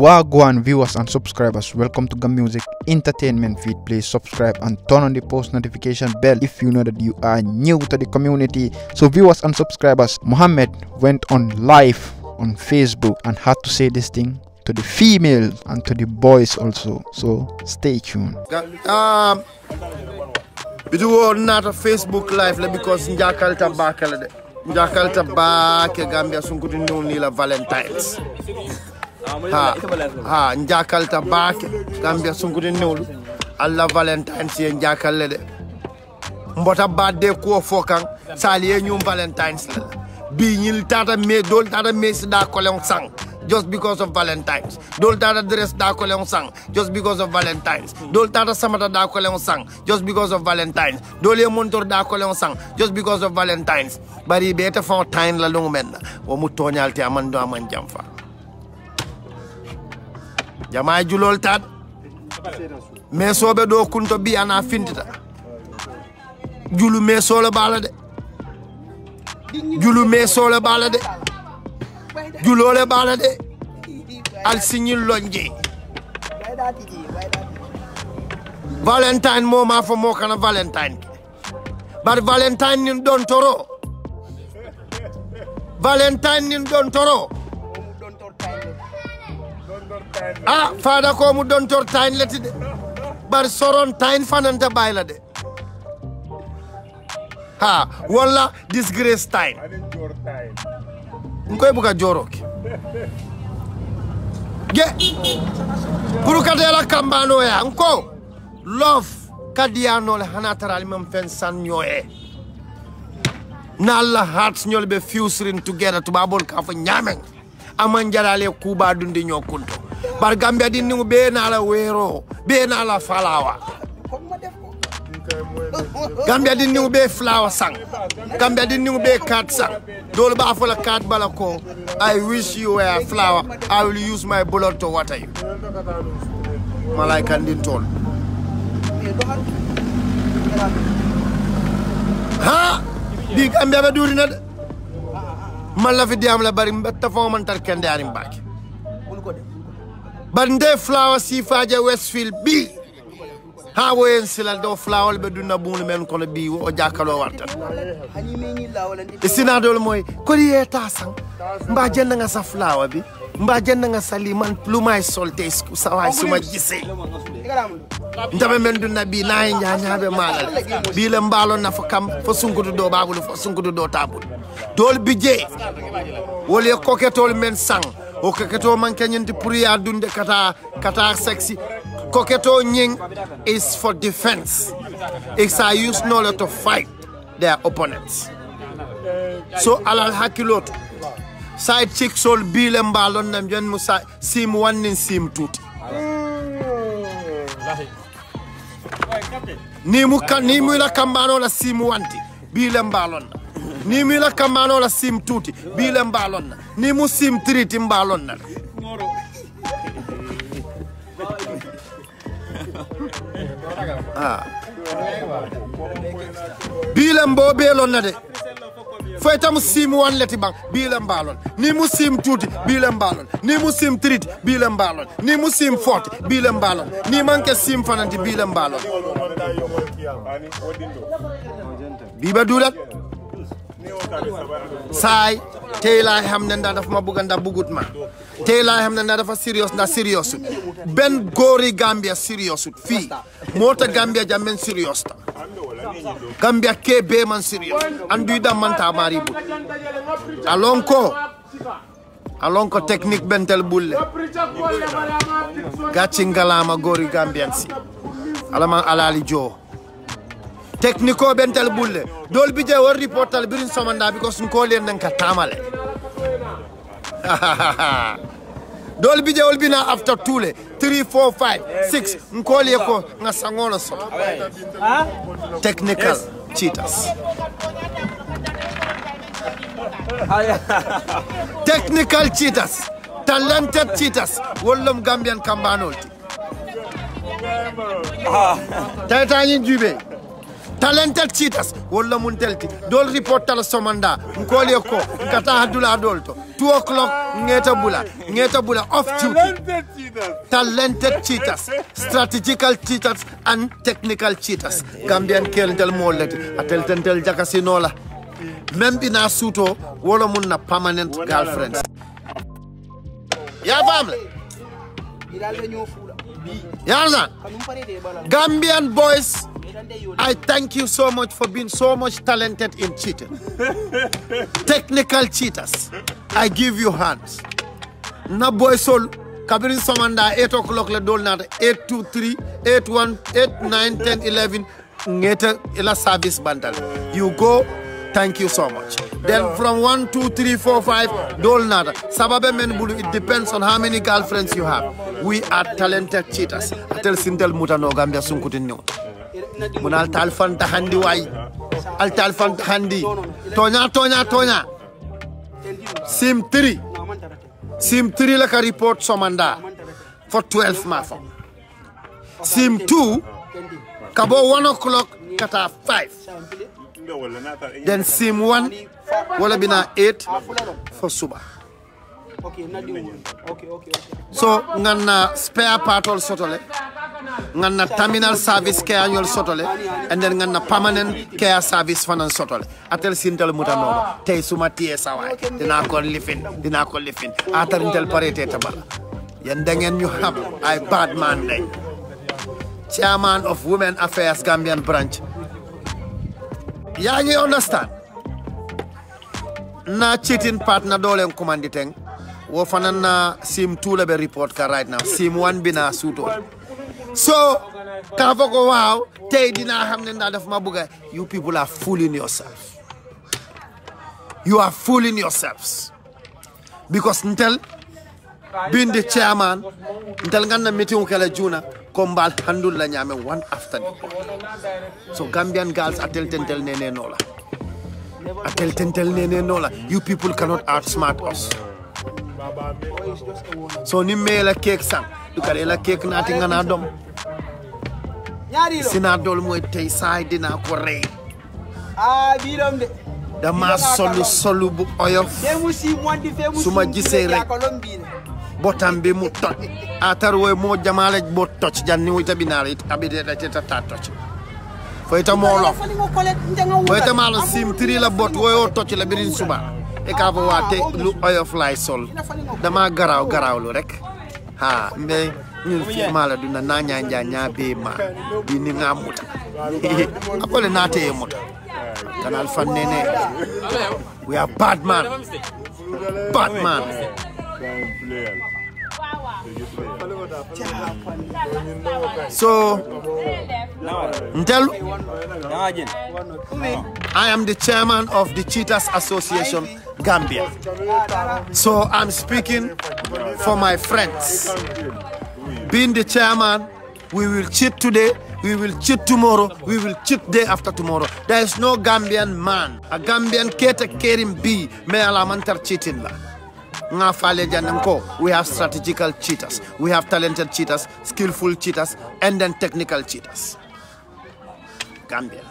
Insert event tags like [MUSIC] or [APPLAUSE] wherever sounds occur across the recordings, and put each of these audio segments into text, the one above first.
Wagwan viewers and subscribers, welcome to Gam Music Entertainment feed. Please subscribe and turn on the post notification bell if you know that you are new to the community. So viewers and subscribers, Mohammed went on live on Facebook and had to say this thing to the females and to the boys also. So stay tuned. Um, we do not a Facebook live because Njakalta Bakala. Njakalta Bakala Gambia Sunkutu Valentine's ha ha jakalta baake gambia sunkude newlu allah valentine si en jakalle de mbota badde ko fo kan sali e ñum valentine la bi ñil tata me dol tata me da kolon sang just because of valentines dol tata dress da kolon sang just because of valentines dol tata samata da kolon sang just because of valentines dol e montor da kolon sang just because of valentines bari beta fon time la lungu men wo mu toñalti amando aman jamfa jama e julol tan mesoɓe bii kunto mbiyana findita julu mesolo ɓaala de julu mesolo ɓaala de julole ɓaala de alsiñil loñje valentine moma fo mo kana valentine ke valentine nin ɗon valentine nin ɗon toro a fada komu don tor tayn leti de bar soron tayn fananta bayla de ha walla disgrace tayn nkoy buga joroke ge pour kadela kambanoya nko lof kadiyanole hana tarali mam fen sanñoye nalla hartñolɓe fiusrin together tubabol kafo ñamen aman jarale kuuba dunde ñokunto bar gambia din ni be na la wero be na la falawa gambia din ni be flawa sang gambia di ni be kat sang dole ba fola kat bala i wish you were a flower i will use my bullet to water you malaika din ha di gambia be durina de man diam la bari fo man tar kende ba nde fulawa sifaje westfield ɓi ha woyen silal dow fulawol ɓe dunna buudu men kono ɓi o jakalo wartan e sinadol moye kodi yeta san mba jennaga sa fulawa bi mba jennaga sa liman plumay solte sawa suma jise ndeme men dunna ɓi nayi ñañaɓe maɗal ɓile mbalo nafa kam fo sunkudu dow babulu fo sunkudu dow tabulu dol bi je woli e koketol men sang o coketo mankeñandi pour yadude kata kata sexy coketo ñing is for defense it's a use knowledge to fight their opponents so alal hakkiloto say ciksol bile mbalon nam jen musa sim wannin sim tuuti ni mu kan ni mu la kambano la sim wanti biile mbalon ni mila sim tuti bile na ni musimtiriti na [LAUGHS] ah. bilam bo belon na de fay tam sim wan leti bang bilam mbalon ni mu sim tuti bilam mbalon ni mu sim trit bilam balon ni mu sim fort bile mbalon ni manke sim fananti bilam mbalon biba dulat Say, te laa xam ne ndaa dafa ma bëgg ndaa bugut ma te laa xam ne ndaa dafa serious ndaa serious ben góori Gambia serious fii moo tax Gambia jam men serious ta Gambia kee bee man serious anduy da man taa maari bu alon ko ko technique bentel bulle gàcci ngalaama góori Gambian si alama alali joo teknikoɓen bulle ɓulle bi dia warri pottal birin somanda because ko len nan ka tamale [LAUGHS] dolbi wol bina after tule 3 4 5 6 nkoli ko nga sangolo so technical cheaters [LAUGHS] technical cheaters talented cheaters wollom gambian kambanolti ah. tawtañin juuɓe talented ciitas walla mun telti dol report tala somanda nkooli ko ngata haddula dol to two o'clock ngeta bula ngeta bula off duty talented cheaters strategical cheaters and technical cheaters gambian keltel mollete ateltentel jakasinola même ɓina suuto wolo mum na permanent girlfriends ya yarsan gambian boys I thank you so much for being so much talented in cheating. [LAUGHS] Technical cheaters, I give you hands. Na boy sol kabirin somanda 8 o'clock le dol 8 2 3 8 1 8 9 10 11 ngeta ila service bandal. You go Thank you so much. Then from one, two, three, four, five, dol nada. Sababe men bulu, it depends on how many girlfriends you have. We are talented cheaters. Atel sintel muta no gambia sunkutin mun alta alfanta handi al alta alfanta handi tonya tonya tonya sim 3 sim 3 la ka report somanda for 12 ma fa sim 2 ka bo 1 o'clock kata 5 then sim 1 wala bina 8 for suba okay, okay, okay, okay. so nana spare part all sotole nganna terminal service ke annual sotole and then nganna permanent care service fanan sotole atel sintel muta no tay suma tie sawa dina ko lifin dina ko lifin atar intel parete tabala yen da ngeen ñu xam ay bad man day chairman of women affairs gambian branch ya ngi understand na chitin partner dolem commanditeng wo fanan na sim tula be report ka right now sim one bina suto so ka fo ko waaw tey dinaa xam ne naa of my bëgga you people are fooling yourself you are fooling yourselves because until being the chairman until ganna meeting kala juna kombal handul la nyame one after the other so gambian girls atel tentel nene nola atel tentel nene nola you people cannot outsmart us so ni meela cake sang Tu kare la keek ah, ah, na ah, nga naa dom si naa dool mooy tey saay dinaa ko rey dama solu solu bu oyof Suma ma rek botam bi mu jamalek atar woy mo jamale bo toj janni woy tabinare abide da teta ta toj foy ta molo Fo ta malo sim tri la bot wo o la birin suba ekaabo waate lu oyof laay sol dama garaaw garaawlu rek ha me, ñun firmaala duna na ñanja ñaabe ma dini nga muta [LAUGHS] apole muta kanal fan nene we are bad man bad man so, I am the chairman of the Cheaters Association Gambia. So, I'm speaking for my friends. Being the chairman, we will cheat today, we will cheat tomorrow, we will cheat day after tomorrow. There is no Gambian man, a Gambian kete kerim bi, me alamantar cheating la. We have strategical cheaters, we have talented cheaters, skillful cheaters, and then technical cheaters. Gambia.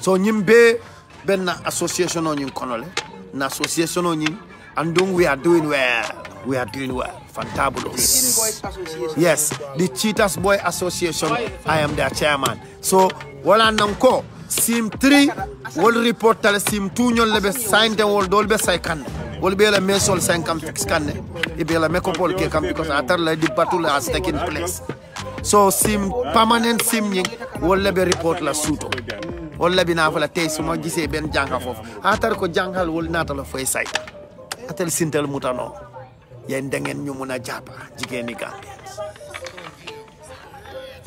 So nyimbe ben association on nyim konole, na association on nyim, and we are doing well. We are doing well. Fantabulous. Yes, the Cheaters Boy Association. I am their chairman. So, wala nanko, sim 3 wol report tal sim tuñol le be sainte wol dol be say kan wol be la mesol fix kan e be la mecopole ke kam because atar la di battle as taken place so sim permanent sim ñi wol lebe report la suto wol le bina fala tay suma gisee ben janga fof atar ko jangal wol nata la fay say atel sintel mutano da ngeen ñu mëna jappa jigeeni gambia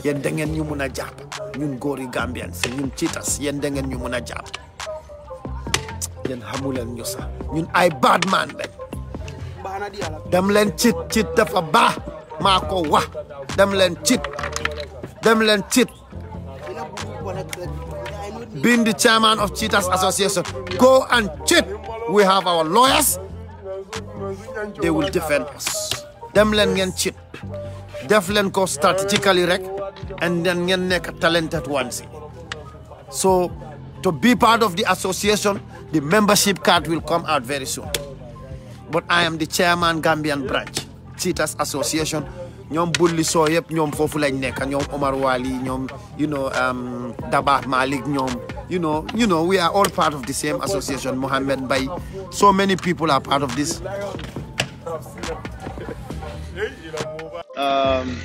Yen da ngeen ñu mun a jàpp ñun góor yi gambien si ñun ciitas yen da ngeen ñu a jàpp ñu sa ñun ay bad man lañ dem leen cit cit dafa baax maa ko wax dem leen cit dem leen cit being the chairman of Cheaters Association, go and cheat. We have our lawyers. They will defend us. Dem len ngeen cheat. Def len ko strategically rek. and then ngeen a talented ones so to be part of the association the membership card will come out very soon but I am the chairman Gambian branch Cheetahs Association Nyom bulli soo yëpp ñoom foofu lañ nekk ñoom Omar Wali you know um, Dabakh Malik nyom. you know you know we are all part of the same association Mohammed By so many people are part of this um,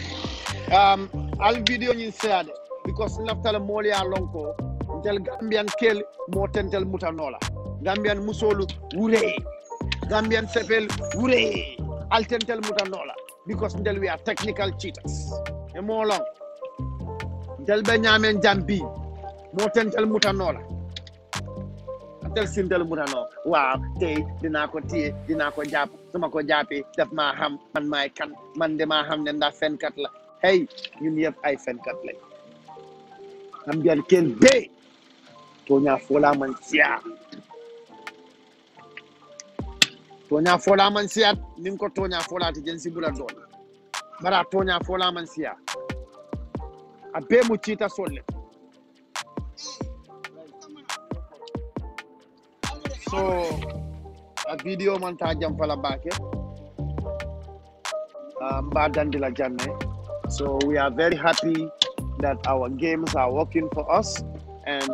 um, alvidio ñin seade because naftala mooliya lonko ntel gambian kel mo tentel mutanola gambian musolu wuree gambian sefel wuree altentel mutanola because ndel we are technical cheaters e mo long ndel ɓe ñamen jambi mo tentel mutanola tel sindel mutano tey dinaa ko téye dinaa ko jàpp daf maa xam maay kan man de maa ne ndax fenkat la hey ñun yëpp ay fenkat lañ gambian ken be toña fola man siya Tonya fola man siya nin ko toña fola ti jensi bula doon bara toña fola man siya a be mu ta solle so a video man ta jam fala bake uh, mba dandila janne So we are very happy that our games are working for us and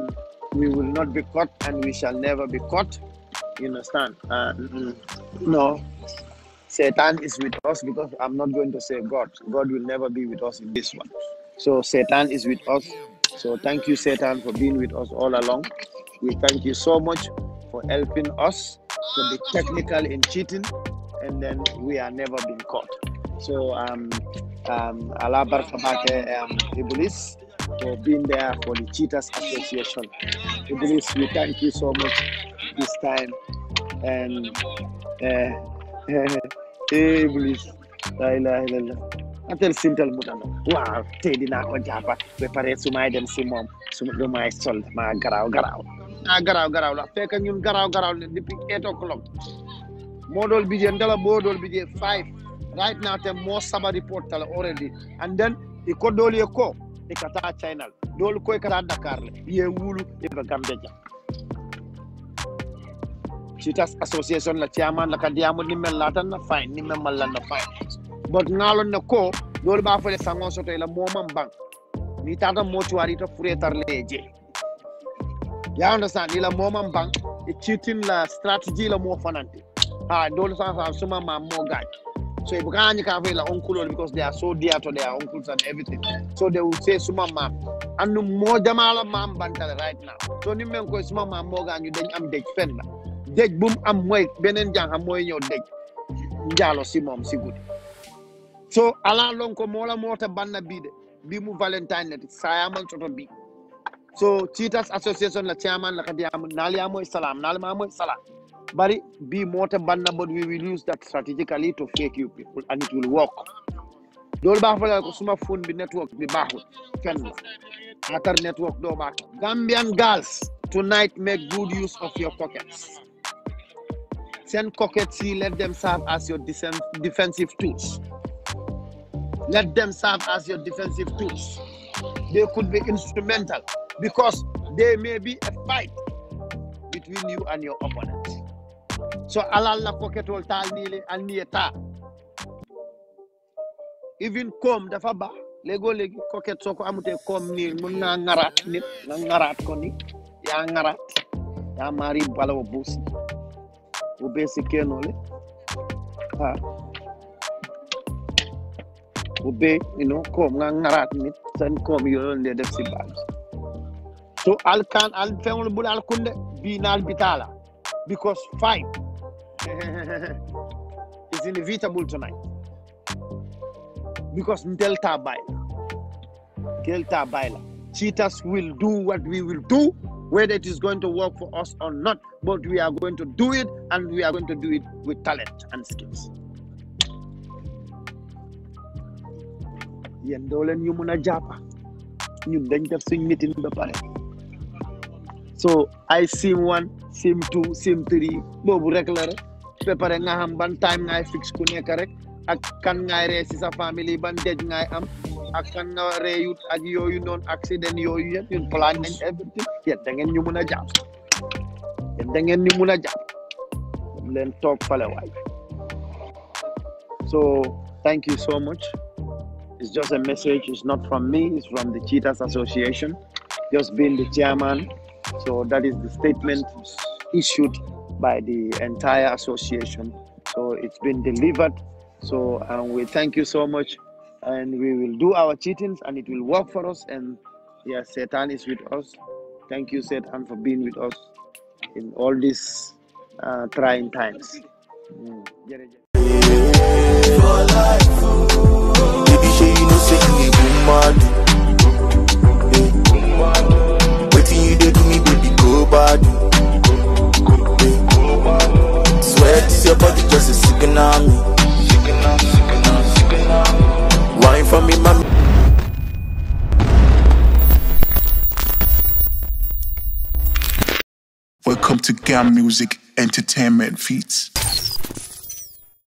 we will not be caught and we shall never be caught. You understand? Uh, no, Satan is with us because I'm not going to say God. God will never be with us in this one. So Satan is with us. So thank you, Satan, for being with us all along. We thank you so much for helping us to be technical in cheating, and then we are never being caught. So um, um, Alabar Kabake eh, um, Ibulis for being there for the Cheaters Association. Ibulis, we thank you so much this time. And uh, [LAUGHS] Ibulis, la ilaha illallah. atel Sintel mudano wow Teddy na on jàppa ba pare to my dem si moom su my may sol ma garaaw garaaw ah garaaw garaaw la fekk ñun garaaw garaaw la depuis 8 o'clock moo dool ndala boo dool 5. five right now the most sabari portal already and then iko doli ko ikata china doli ko ikata dakar le ye wulu ibe gambeja citas association la chairman la kadiamo ni mel latan na fine ni mel malan na fine but ngalon na ko doli ba fele sangon soto ila momam bang ni tata motuari to furetar leje you understand ila momam bank e cheating la strategy la mo fanante ah doli sans suma ma mo gagne so if you can't have your uncle because they are so dear to their uncles and everything. So they will say suma mam. And no more jamala mam bantal right now. So you men ko suma mam mo gañu dañ am dead friend la. Dej bu am moy benen janxam moy ñew dej. Njaalo si mom si good. So ala lon ko mo la mota banna bi de. Bi mu valentine la saya choto soto bi. So Cheaters Association la chairman la kadi am nali amoy salam nali ma amoy salam but be more banner, but we will use that strategically to fake you people, and it will work. loolu baax fa la ko suma phone bi network bi baaxul fenn la atar network do baax Gambian girls tonight make good use of your pockets Send pockets let them serve as your defensive tools let them serve as your defensive tools they could be instrumental because there may be a fight between you and your opponent So Allah pocket wol ta al ni ta even koom dafa baax lego léegi coquette soo ko amutee koom nii mën naa ŋaraat nit nga ŋaraat ko ni yaa ŋaraat yaa maari balawo buusi o bee si keenoo le ha o bee you know koom nga ŋaraat nit seen koom yooyu le def si baal so al kan al feŋol bul al kunde bii naal bitaala because fight It's inevitable tonight because Delta Baila, Delta Baila, cheaters will do what we will do, whether it is going to work for us or not. But we are going to do it, and we are going to do it with talent and skills. so I sim one sim two sim three boobu regular pare nga ban time fix ku ak kan sa ban dëj am ak kan nga ak accident plan nañ everything da ngeen ñu jàpp da ngeen ñu jàpp fale so thank you so much it's just a message it's not from me it's from the Cheetahs Association just being the chairman so that is the statement issued by the entire association. So it's been delivered. So um, we thank you so much, and we will do our cheatings, and it will work for us. And yes, yeah, Satan is with us. Thank you, Satan, for being with us in all these uh, trying times. Mm. sipping on me. Wine for me, mommy. Welcome to GAM Music Entertainment Feats.